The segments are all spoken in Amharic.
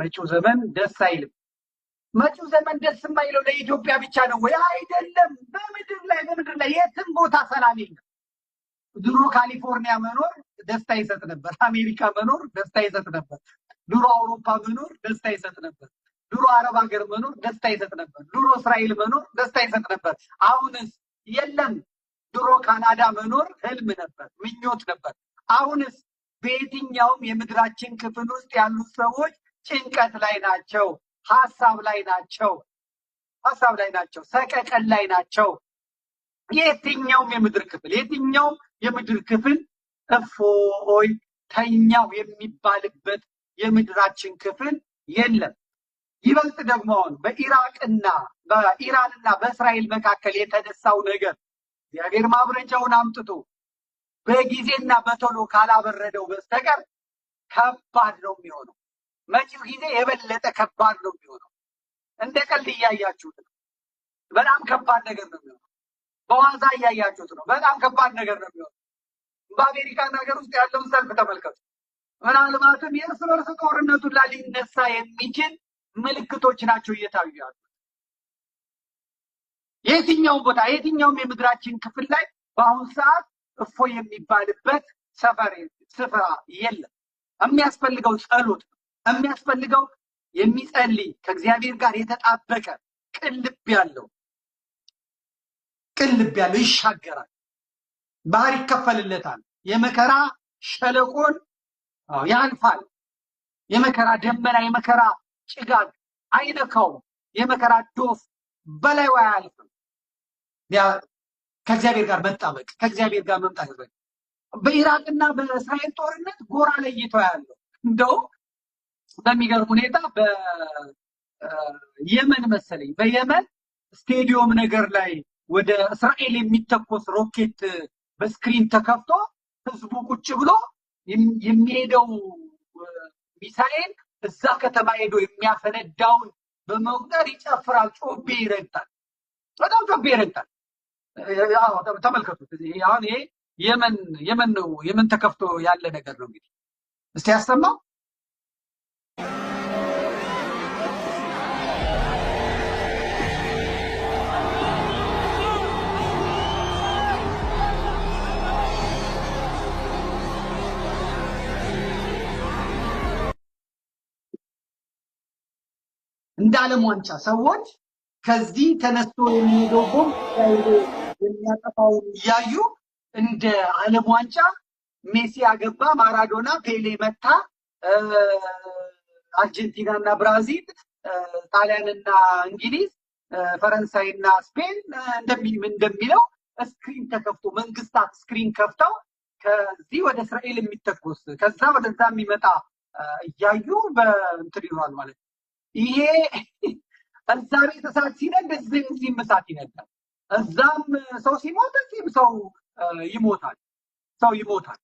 መጪው ዘመን ደስ አይልም። መጪው ዘመን ደስ የማይለው ለኢትዮጵያ ብቻ ነው ወይ? አይደለም። በምድር ላይ በምድር ላይ የትም ቦታ ሰላም የለም። ድሮ ካሊፎርኒያ መኖር ደስታ ይሰጥ ነበር። አሜሪካ መኖር ደስታ ይሰጥ ነበር። ድሮ አውሮፓ መኖር ደስታ ይሰጥ ነበር። ድሮ አረብ ሀገር መኖር ደስታ ይሰጥ ነበር። ድሮ እስራኤል መኖር ደስታ ይሰጥ ነበር። አሁንስ የለም። ድሮ ካናዳ መኖር ህልም ነበር፣ ምኞት ነበር። አሁንስ በየትኛውም የምድራችን ክፍል ውስጥ ያሉ ሰዎች ጭንቀት ላይ ናቸው፣ ሀሳብ ላይ ናቸው፣ ሀሳብ ላይ ናቸው፣ ሰቀቀን ላይ ናቸው። የትኛውም የምድር ክፍል የትኛውም የምድር ክፍል እፎይ ተኛው የሚባልበት የምድራችን ክፍል የለም። ይበልጥ ደግሞ አሁን በኢራቅና በኢራንና በእስራኤል መካከል የተነሳው ነገር እግዚአብሔር ማብረጃውን አምጥቶ በጊዜና በቶሎ ካላበረደው በስተቀር ከባድ ነው የሚሆነው። መጪው ጊዜ የበለጠ ከባድ ነው የሚሆነው። እንደ ቀልድ እያያችሁት ነው። በጣም ከባድ ነገር ነው የሚሆነው። በዋዛ እያያችሁት ነው። በጣም ከባድ ነገር ነው የሚሆነው። በአሜሪካን ሀገር ውስጥ ያለውን ሰልፍ ተመልከቱ። ምናልባትም የእርስ በርስ ጦርነቱ ላይ ሊነሳ የሚችል ምልክቶች ናቸው እየታዩ ያሉ። የትኛውም ቦታ የትኛውም የምድራችን ክፍል ላይ በአሁኑ ሰዓት እፎ የሚባልበት ሰፈር ስፍራ የለም። የሚያስፈልገው ጸሎት ነው። የሚያስፈልገው የሚጸልይ ከእግዚአብሔር ጋር የተጣበቀ ቅን ልብ ያለው ቅን ልብ ያለው ይሻገራል። ባህር ይከፈልለታል። የመከራ ሸለቆን ያልፋል። የመከራ ደመና፣ የመከራ ጭጋግ አይነካውም። የመከራ ዶፍ በላዩ አያልፍም። ከእግዚአብሔር ጋር መጣበቅ ከእግዚአብሔር ጋር መምጣት በኢራቅና በእስራኤል ጦርነት ጎራ ለይተው ያለው እንደውም በሚገርም ሁኔታ በየመን መሰለኝ በየመን ስቴዲዮም ነገር ላይ ወደ እስራኤል የሚተኮስ ሮኬት በስክሪን ተከፍቶ ህዝቡ ቁጭ ብሎ የሚሄደው ሚሳኤል እዛ ከተማ ሄዶ የሚያፈነዳውን በመቁጠር ይጨፍራል፣ ጮቤ ይረግጣል፣ በጣም ጮቤ ይረግጣል። ተመልከቱ አሁን ይሄ የመን የመን ነው የመን ተከፍቶ ያለ ነገር ነው። እንግዲህ እስቲ ያሰማው እንደ ዓለም ዋንጫ ሰዎች ከዚህ ተነስቶ የሚሄደው ቦምብ የሚያጠፋውን እያዩ እንደ ዓለም ዋንጫ ሜሲ አገባ፣ ማራዶና ፔሌ መታ አርጀንቲና እና ብራዚል፣ ጣሊያንና እንግሊዝ፣ ፈረንሳይ ፈረንሳይና ስፔን እንደሚለው ስክሪን ተከፍቶ መንግስታት ስክሪን ከፍተው ከዚህ ወደ እስራኤል የሚተኮስ ከዛ ወደዛ የሚመጣ እያዩ በእንትን ይሆናል ማለት ነው። ይሄ እዛ ቤት እሳት ሲነድ እዚህም እሳት ይነዳል። እዛም ሰው ሲሞት እዚህም ሰው ይሞታል። ሰው ይሞታል።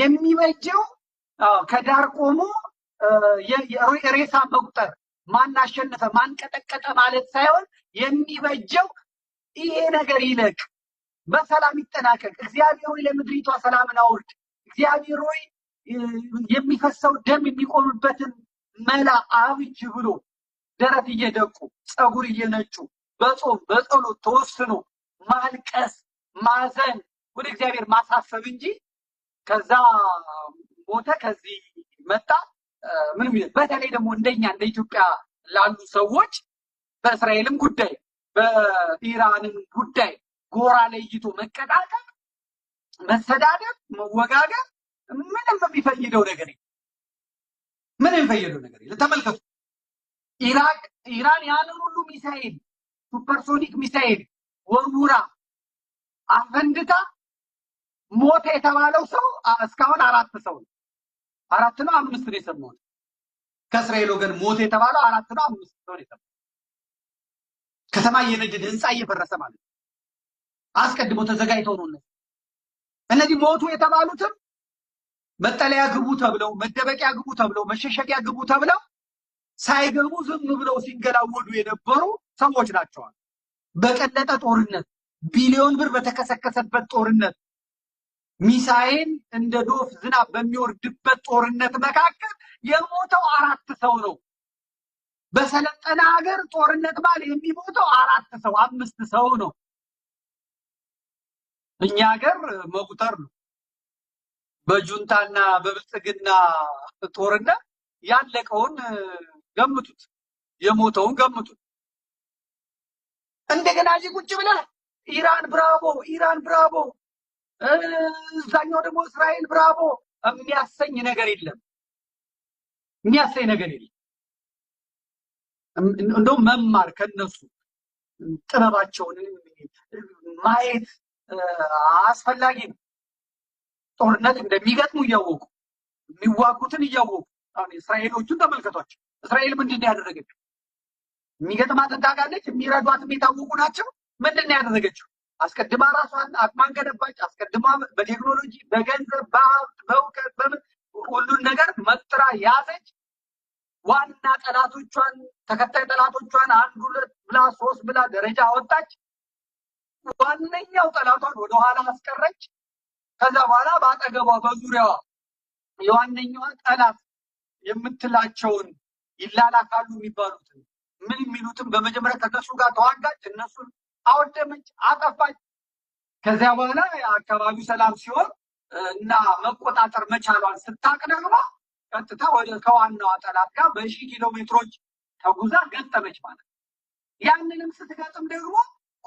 የሚበጀው ከዳር ቆሞ ሬሳ መቁጠር ማን አሸነፈ ማን ቀጠቀጠ ማለት ሳይሆን የሚበጀው ይሄ ነገር ይለቅ፣ በሰላም ይጠናቀቅ። እግዚአብሔር ሆይ ለምድሪቷ ሰላምን አውርድ። እግዚአብሔር ሆይ የሚፈሰው ደም የሚቆምበትን መላ አብጅ ብሎ ደረት እየደቁ ፀጉር እየነጩ በጾም በጸሎት ተወስኖ ማልቀስ፣ ማዘን፣ ወደ እግዚአብሔር ማሳሰብ እንጂ ከዛ ሞተ ከዚህ መጣ ምንም በተለይ ደግሞ እንደኛ እንደ ኢትዮጵያ ላሉ ሰዎች በእስራኤልም ጉዳይ በኢራንም ጉዳይ ጎራ ለይቶ መቀጣጠል፣ መሰዳደር መወጋገር ምንም የሚፈይደው ነገር ምን የሚፈይደው ነገር ተመልከቱ። ኢራቅ ኢራን ያንን ሁሉ ሚሳኤል ሱፐርሶኒክ ሚሳኤል ወርውራ አፈንድታ ሞተ የተባለው ሰው እስካሁን አራት ሰው ነው። አራት ነው አምስት ነው የሰማሁት። ከእስራኤል ወገን ሞት የተባለው አራት ነው አምስት ነው የሰማሁት። ከተማ እየነደደ ህንፃ እየፈረሰ ማለት ነው። አስቀድሞ ተዘጋጅተው ነው እነዚህ እነዚህ ሞቱ የተባሉትም መጠለያ ግቡ ተብለው መደበቂያ ግቡ ተብለው መሸሸቂያ ግቡ ተብለው ሳይገቡ ዝም ብለው ሲንገላወዱ የነበሩ ሰዎች ናቸዋል። በቀለጠ ጦርነት ቢሊዮን ብር በተከሰከሰበት ጦርነት ሚሳኤል እንደ ዶፍ ዝናብ በሚወርድበት ጦርነት መካከል የሞተው አራት ሰው ነው። በሰለጠነ ሀገር ጦርነት ባል የሚሞተው አራት ሰው አምስት ሰው ነው። እኛ ሀገር መቁጠር ነው። በጁንታና በብልጽግና ጦርነት ያለቀውን ገምቱት፣ የሞተውን ገምቱት። እንደገና እዚህ ቁጭ ብለህ ኢራን ብራቮ፣ ኢራን ብራቮ እዛኛው ደግሞ እስራኤል ብራቦ የሚያሰኝ ነገር የለም። የሚያሰኝ ነገር የለም። እንደውም መማር ከነሱ ጥበባቸውን ማየት አስፈላጊ ነው። ጦርነት እንደሚገጥሙ እያወቁ የሚዋጉትን እያወቁ አሁን እስራኤሎቹን ተመልከቷቸው። እስራኤል ምንድን ነው ያደረገችው? የሚገጥማት እንዳጋለች የሚረዷትም የታወቁ ናቸው። ምንድን ነው ያደረገችው? አስቀድማ ራሷን አቅማን ገነባች። አስቀድማ በቴክኖሎጂ በገንዘብ በሀብት በእውቀት በምን ሁሉን ነገር መጥራ ያዘች። ዋና ጠላቶቿን ተከታይ ጠላቶቿን አንድ ሁለት ብላ ሶስት ብላ ደረጃ አወጣች። ዋነኛው ጠላቷን ወደኋላ አስቀረች። ከዛ በኋላ በአጠገቧ በዙሪያዋ የዋነኛዋ ጠላት የምትላቸውን ይላላካሉ የሚባሉትን ምን የሚሉትን በመጀመሪያ ከነሱ ጋር ተዋጋች። እነሱን አወደመች፣ አጠፋች። ከዚያ በኋላ አካባቢው ሰላም ሲሆን እና መቆጣጠር መቻሏን ስታቅ ደግሞ ቀጥታ ወደ ከዋናዋ ጠላት ጋር በሺህ ኪሎ ሜትሮች ተጉዛ ገጠመች ማለት ነው። ያንንም ስትገጥም ደግሞ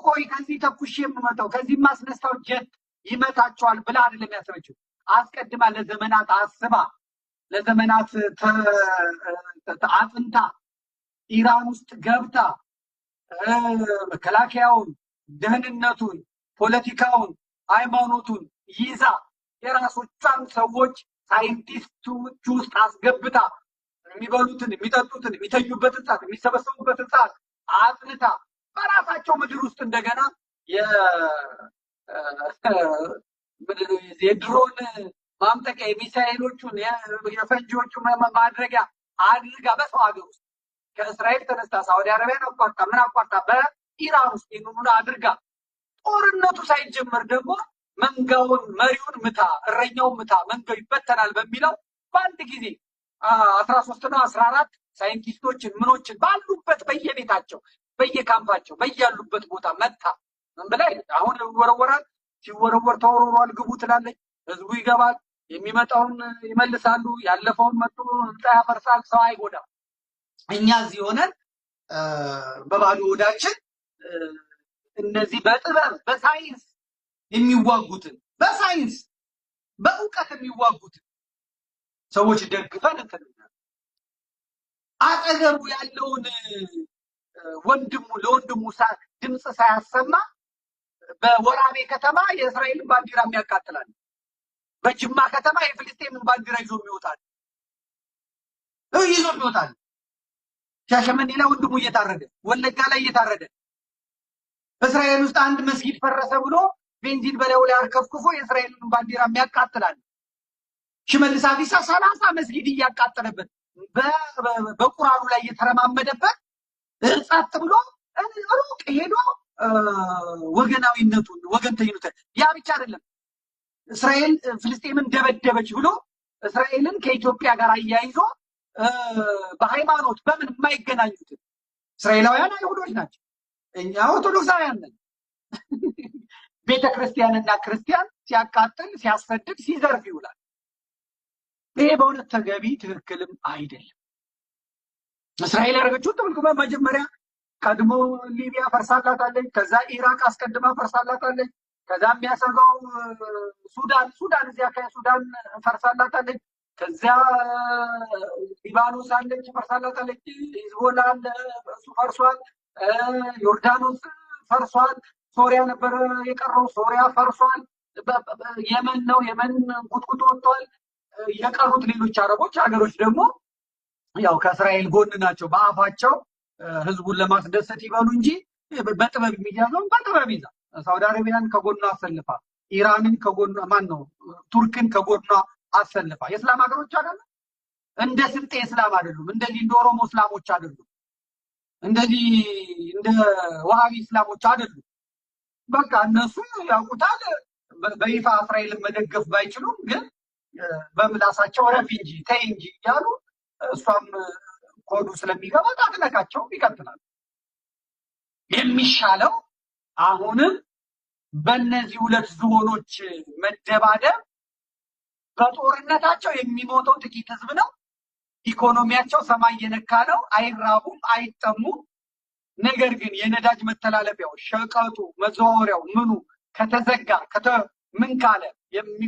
ቆይ ከዚህ ተኩሽ የምመጣው ከዚህ ማስነሳው ጀት ይመታቸዋል ብላ አይደለም ያሰበችው። አስቀድማ ለዘመናት አስባ ለዘመናት አጥንታ ኢራን ውስጥ ገብታ መከላከያውን፣ ደህንነቱን፣ ፖለቲካውን፣ ሃይማኖቱን ይዛ የራሶቿን ሰዎች ሳይንቲስቶች ውስጥ አስገብታ የሚበሉትን፣ የሚጠጡትን፣ የሚተኙበትን ሰዓት፣ የሚሰበሰቡበትን ሰዓት አጥንታ በራሳቸው ምድር ውስጥ እንደገና የድሮን ማምጠቂያ የሚሳኤሎቹን የፈንጂዎቹ ማድረጊያ አድርጋ በሰው ሀገር ውስጥ ከእስራኤል ተነስታ ሳውዲ አረቢያን አቋርጣ ምን አቋርጣ በኢራን ውስጥ ይህንኑን አድርጋ ጦርነቱ ሳይጀመር ደግሞ መንጋውን መሪውን ምታ፣ እረኛውን ምታ፣ መንጋው ይበተናል በሚለው በአንድ ጊዜ አስራ ሶስት ነው አስራ አራት ሳይንቲስቶችን ምኖችን ባሉበት በየቤታቸው በየካምፓቸው በያሉበት ቦታ መታ ምን ብላይ አሁን ይወረወራል። ሲወረወር ተወርሯል ግቡ ትላለች። ህዝቡ ይገባል፣ የሚመጣውን ይመልሳሉ፣ ያለፈውን መጡ ህንፃ ያፈርሳል፣ ሰው አይጎዳም። እኛ እዚህ ሆነን በባዶ ወዳችን እነዚህ በጥበብ በሳይንስ የሚዋጉትን በሳይንስ በእውቀት የሚዋጉትን ሰዎች ደግፈን እንፈልጋለን። አጠገቡ ያለውን ወንድሙ ለወንድሙ ድምፅ ሳያሰማ በወራቤ ከተማ የእስራኤልን ባንዲራ የሚያቃጥላል፣ በጅማ ከተማ የፍልስጤምን ባንዲራ ይዞ የሚወጣል ይዞ የሚወጣል። ሻሸመኔ ላይ ወንድሙ እየታረደ፣ ወለጋ ላይ እየታረደ፣ እስራኤል ውስጥ አንድ መስጊድ ፈረሰ ብሎ ቤንዚን በላዩ ላይ አርከፍክፎ የእስራኤልን ባንዲራ የሚያቃጥላል ሽመልስ አብዲሳ ሰላሳ መስጊድ እያቃጠለበት በቁራኑ ላይ እየተረማመደበት ጸጥ ብሎ ሩቅ ሄዶ ወገናዊነቱን ወገንተኝነት ያ ብቻ አይደለም እስራኤል ፍልስጤምን ደበደበች ብሎ እስራኤልን ከኢትዮጵያ ጋር አያይዞ በሃይማኖት በምን የማይገናኙትን እስራኤላውያን አይሁዶች ናቸው። እኛ ኦርቶዶክሳውያን ነን። ቤተ ክርስቲያንና ክርስቲያን ሲያቃጥል፣ ሲያስረድድ ሲዘርፍ ይውላል። ይሄ በእውነት ተገቢ ትክክልም አይደለም። እስራኤል ያደረገችው ጥብቅ መጀመሪያ ቀድሞ ሊቢያ ፈርሳላታለች። ከዛ ኢራቅ አስቀድማ ፈርሳላታለች። ከዛ የሚያሰጋው ሱዳን ሱዳን እዚያ ከሱዳን ፈርሳላታለች። ከዚያ ሊባኖስ አለች ፈርሳላት አለች። ሂዝቦላ አለ እሱ ፈርሷል። ዮርዳኖስ ፈርሷል። ሶሪያ ነበር የቀረው ሶሪያ ፈርሷል። የመን ነው የመን ጉትጉት ወጥቷል። የቀሩት ሌሎች አረቦች ሀገሮች ደግሞ ያው ከእስራኤል ጎን ናቸው። በአፋቸው ህዝቡን ለማስደሰት ይበሉ እንጂ በጥበብ የሚያዘውን በጥበብ ይዛ ሳውዲ አረቢያን ከጎኗ አሰልፋ ኢራንን ከጎኗ ማን ነው ቱርክን ከጎኗ አሰልፋ የእስላም ሀገሮች አይደለም። እንደ ስልጤ እስላም አይደሉም። እንደዚህ እንደ ኦሮሞ እስላሞች አይደሉም። እንደዚህ እንደ ዋሃቢ እስላሞች አይደሉም። በቃ እነሱ ያውቁታል። በይፋ እስራኤልን መደገፍ ባይችሉም ግን በምላሳቸው ረፊ እንጂ ተይ እንጂ እያሉ እሷም ኮዱ ስለሚገባ ጣትነካቸው ይቀጥላል። የሚሻለው አሁንም በእነዚህ ሁለት ዝሆኖች መደባደብ በጦርነታቸው የሚሞተው ጥቂት ህዝብ ነው። ኢኮኖሚያቸው ሰማይ የነካ ነው። አይራቡም፣ አይጠሙም። ነገር ግን የነዳጅ መተላለፊያው፣ ሸቀጡ፣ መዘዋወሪያው ምኑ ከተዘጋ ምን ካለ የሚ